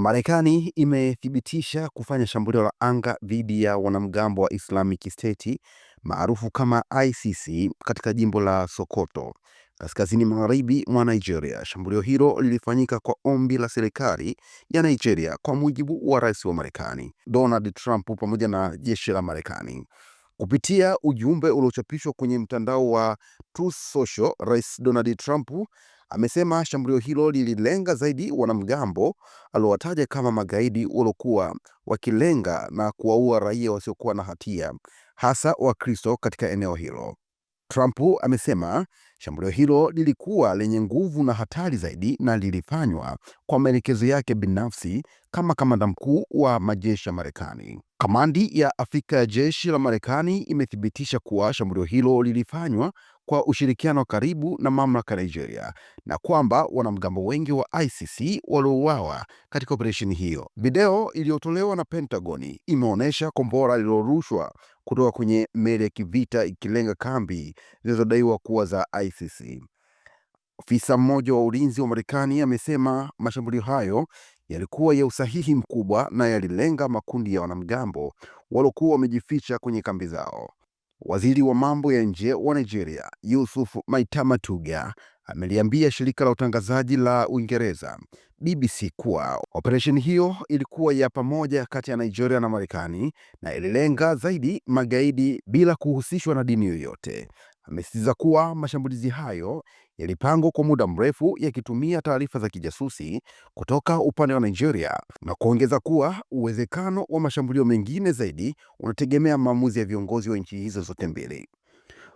Marekani imethibitisha kufanya shambulio la anga dhidi ya wanamgambo wa Islamic State maarufu kama ICC katika jimbo la Sokoto kaskazini magharibi mwa Nigeria. Shambulio hilo lilifanyika kwa ombi la serikali ya Nigeria, kwa mujibu wa rais wa Marekani Donald Trump pamoja na jeshi la Marekani. Kupitia ujumbe uliochapishwa kwenye mtandao wa Truth Social, Rais Donald Trump amesema shambulio hilo lililenga zaidi wanamgambo aliowataja kama magaidi waliokuwa wakilenga na kuwaua raia wasiokuwa na hatia, hasa Wakristo katika eneo hilo. Trump amesema shambulio hilo lilikuwa lenye nguvu na hatari zaidi na lilifanywa kwa maelekezo yake binafsi kama kamanda mkuu wa majeshi ya Marekani. Kamandi ya Afrika ya jeshi la Marekani imethibitisha kuwa shambulio hilo lilifanywa kwa ushirikiano karibu na mamlaka ya Nigeria na kwamba wanamgambo wengi wa ICC waliouawa katika operesheni hiyo. Video iliyotolewa na Pentagoni imeonyesha kombora lililorushwa kutoka kwenye meli ya kivita ikilenga kambi zinazodaiwa kuwa za ICC. Ofisa mmoja wa ulinzi wa Marekani amesema mashambulio hayo yalikuwa ya usahihi mkubwa na yalilenga makundi ya wanamgambo waliokuwa wamejificha kwenye kambi zao. Waziri wa mambo ya nje wa Nigeria, Yusuf Maitama-Tuga, ameliambia shirika la utangazaji la Uingereza BBC kuwa operesheni hiyo ilikuwa ya pamoja kati ya Nigeria na Marekani na ililenga zaidi magaidi bila kuhusishwa na dini yoyote amesisitiza kuwa mashambulizi hayo yalipangwa kwa muda mrefu yakitumia taarifa za kijasusi kutoka upande wa Nigeria na kuongeza kuwa uwezekano wa mashambulio mengine zaidi unategemea maamuzi ya viongozi wa nchi hizo zote mbili.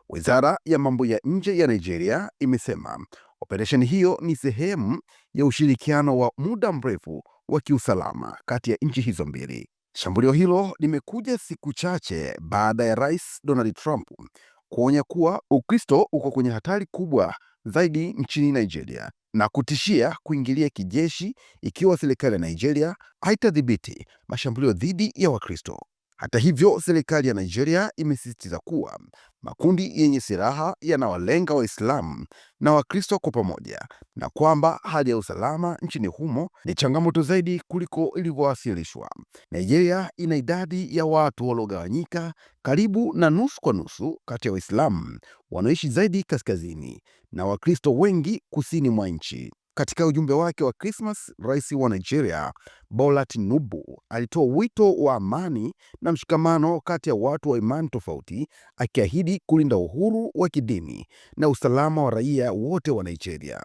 Wizara ya Mambo ya Nje ya Nigeria imesema operesheni hiyo ni sehemu ya ushirikiano wa muda mrefu wa kiusalama kati ya nchi hizo mbili. Shambulio hilo limekuja siku chache baada ya Rais Donald Trump kuonya kuwa Ukristo uko kwenye hatari kubwa zaidi nchini Nigeria na kutishia kuingilia kijeshi ikiwa serikali ya Nigeria haitadhibiti mashambulio dhidi ya Wakristo. Hata hivyo, serikali ya Nigeria imesisitiza kuwa makundi yenye silaha yanawalenga Waislamu na Wakristo kwa pamoja na kwamba hali ya usalama nchini humo ni changamoto zaidi kuliko ilivyowasilishwa. Nigeria ina idadi ya watu waliogawanyika karibu na nusu kwa nusu kati ya Waislamu wanaoishi zaidi kaskazini na Wakristo wengi kusini mwa nchi. Katika ujumbe wake wa Krismas, rais wa Nigeria Bola Tinubu alitoa wito wa amani na mshikamano kati ya watu wa imani tofauti, akiahidi kulinda uhuru wa kidini na usalama wa raia wote wa Nigeria.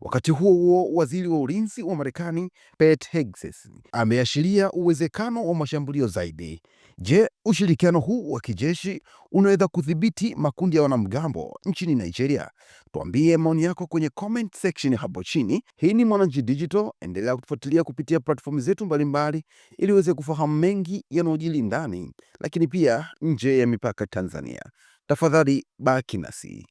Wakati huo huo, waziri wa ulinzi wa Marekani Pete Hegseth ameashiria uwezekano wa mashambulio zaidi Je, ushirikiano huu wa kijeshi unaweza kudhibiti makundi ya wanamgambo nchini Nigeria? Tuambie maoni yako kwenye comment section hapo chini. Hii ni Mwananchi Digital, endelea kutufuatilia kupitia platform zetu mbalimbali ili uweze kufahamu mengi yanayojiri ndani, lakini pia nje ya mipaka Tanzania. Tafadhali baki nasi.